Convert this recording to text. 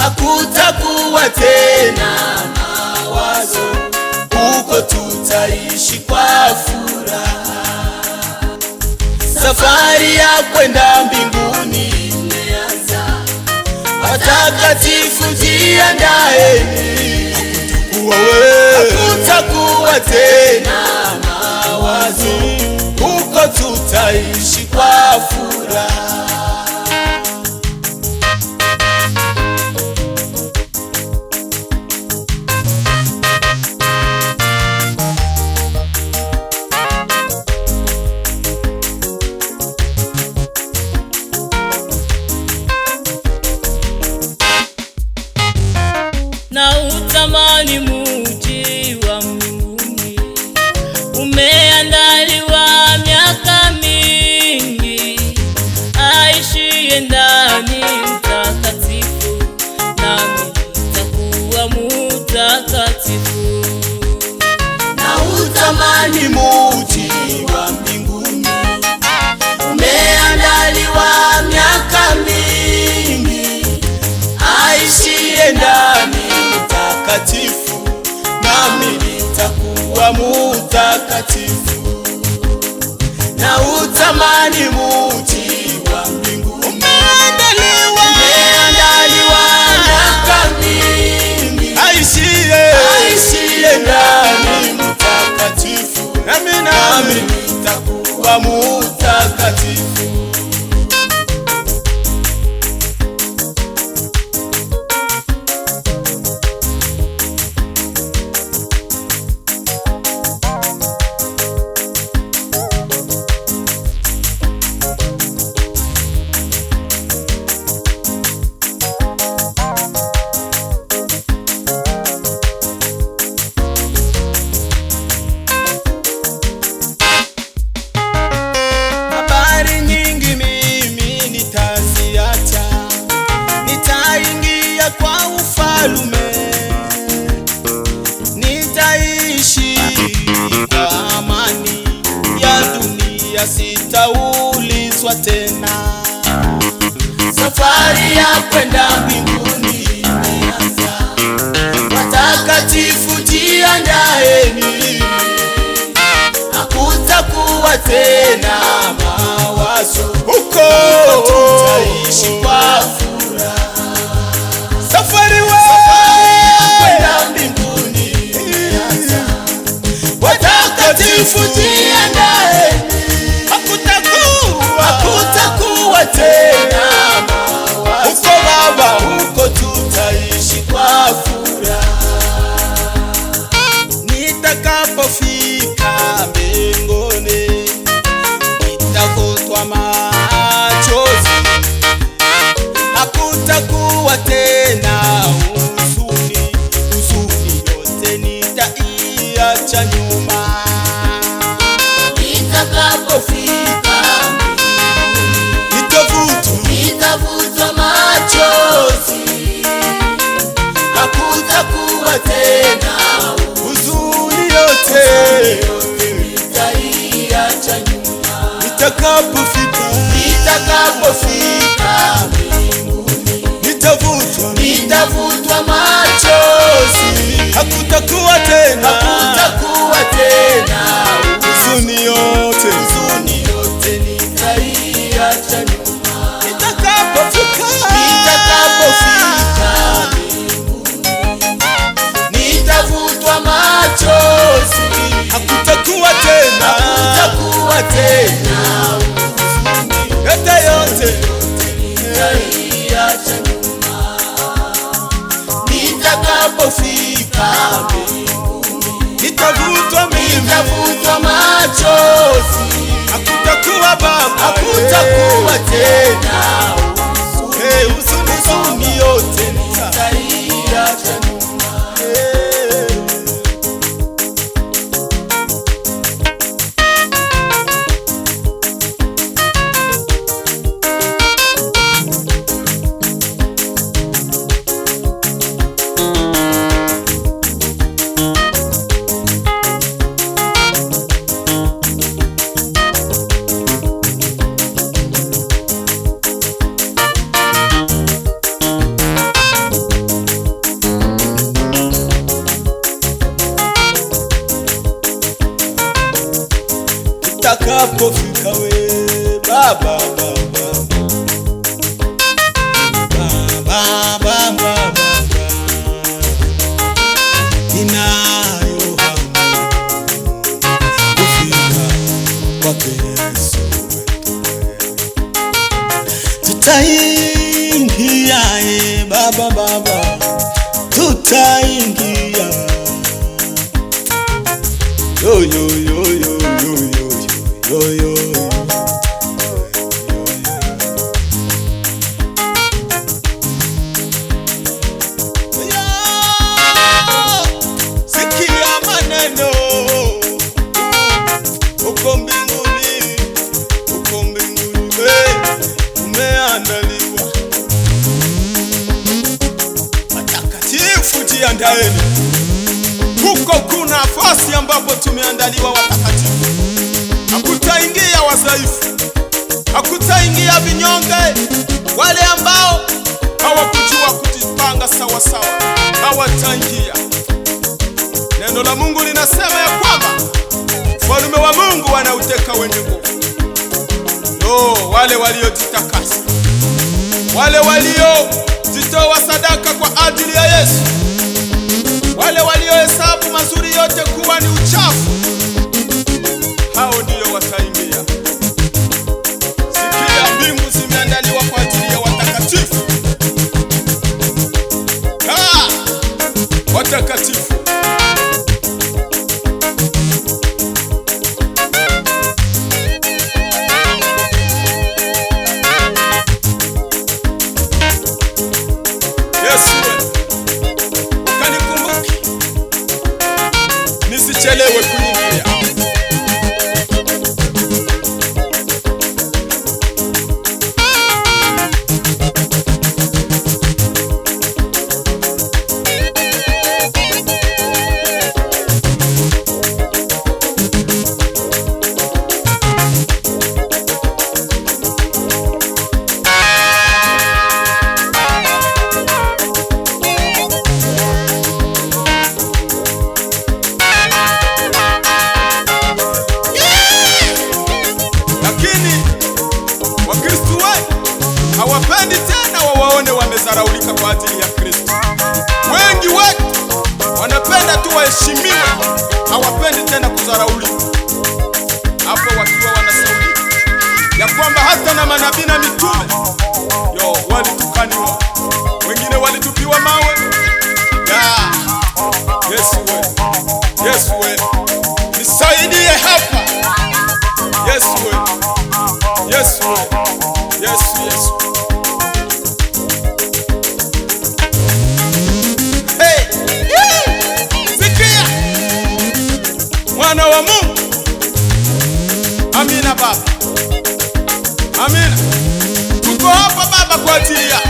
hakutakuwa tena mawazo, huko tutaishi kwa furaha. Safari ya kwenda mbinguni imeanza, watakatifu jiandae, hakutakuwa tena mawazo, huko tutaishi kwa furaha. uliye ndani mtakatifu, nami nitakuwa mutakatifu na utamani muti sitaulizwa tena. Safari ya kwenda mbinguni imeanza. Watakatifu jiandaeni, hakutakuwa tena mawazo huko, tutaishi kwa furaha. Safari we ya kwenda mbinguni imeanza. Watakatifu tena uko Baba, huko tutaishi kwa furaha. Nitakapofika mbinguni nitakutwa machozi, hakutakuwa tena huzuni, huzuni yote nitaiacha nyuma. nitakapofika nitakapofika mbinguni nitavutwa nitavutwa machozi hakutakuwa tena hakutakuwa tena machozi, hakutakuwa baba, hakutakuwa tena huzuni yote ulipofika we baba baba nenda Huko kuna nafasi ambapo tumeandaliwa watakatifu. Hakutaingia wazaifu, hakutaingia vinyonge, wale ambao hawakujua kujipanga sawa sawa hawataingia. Neno la Mungu linasema ya kwamba walume wa Mungu wanauteka wenye nguvu. No, wale waliojitakasa, wale waliojitoa sadaka kwa ajili ya Yesu wale waliohesabu mazuri yote kuwa ni uchafu, hao ndio wataingia chele wekunyi kudharaulika kwa ajili ya Kristo. Wengi wetu wanapenda tu waheshimiwe, hawapendi tena kuzaraulika Hapo wakiwa wanasaulika ya kwamba hata na manabii na mitume yo walitukaniwa, wengine walitupiwa mawe ya Yesu we, Yesu we Amina. Tuko hapa Baba kwa ajili yako.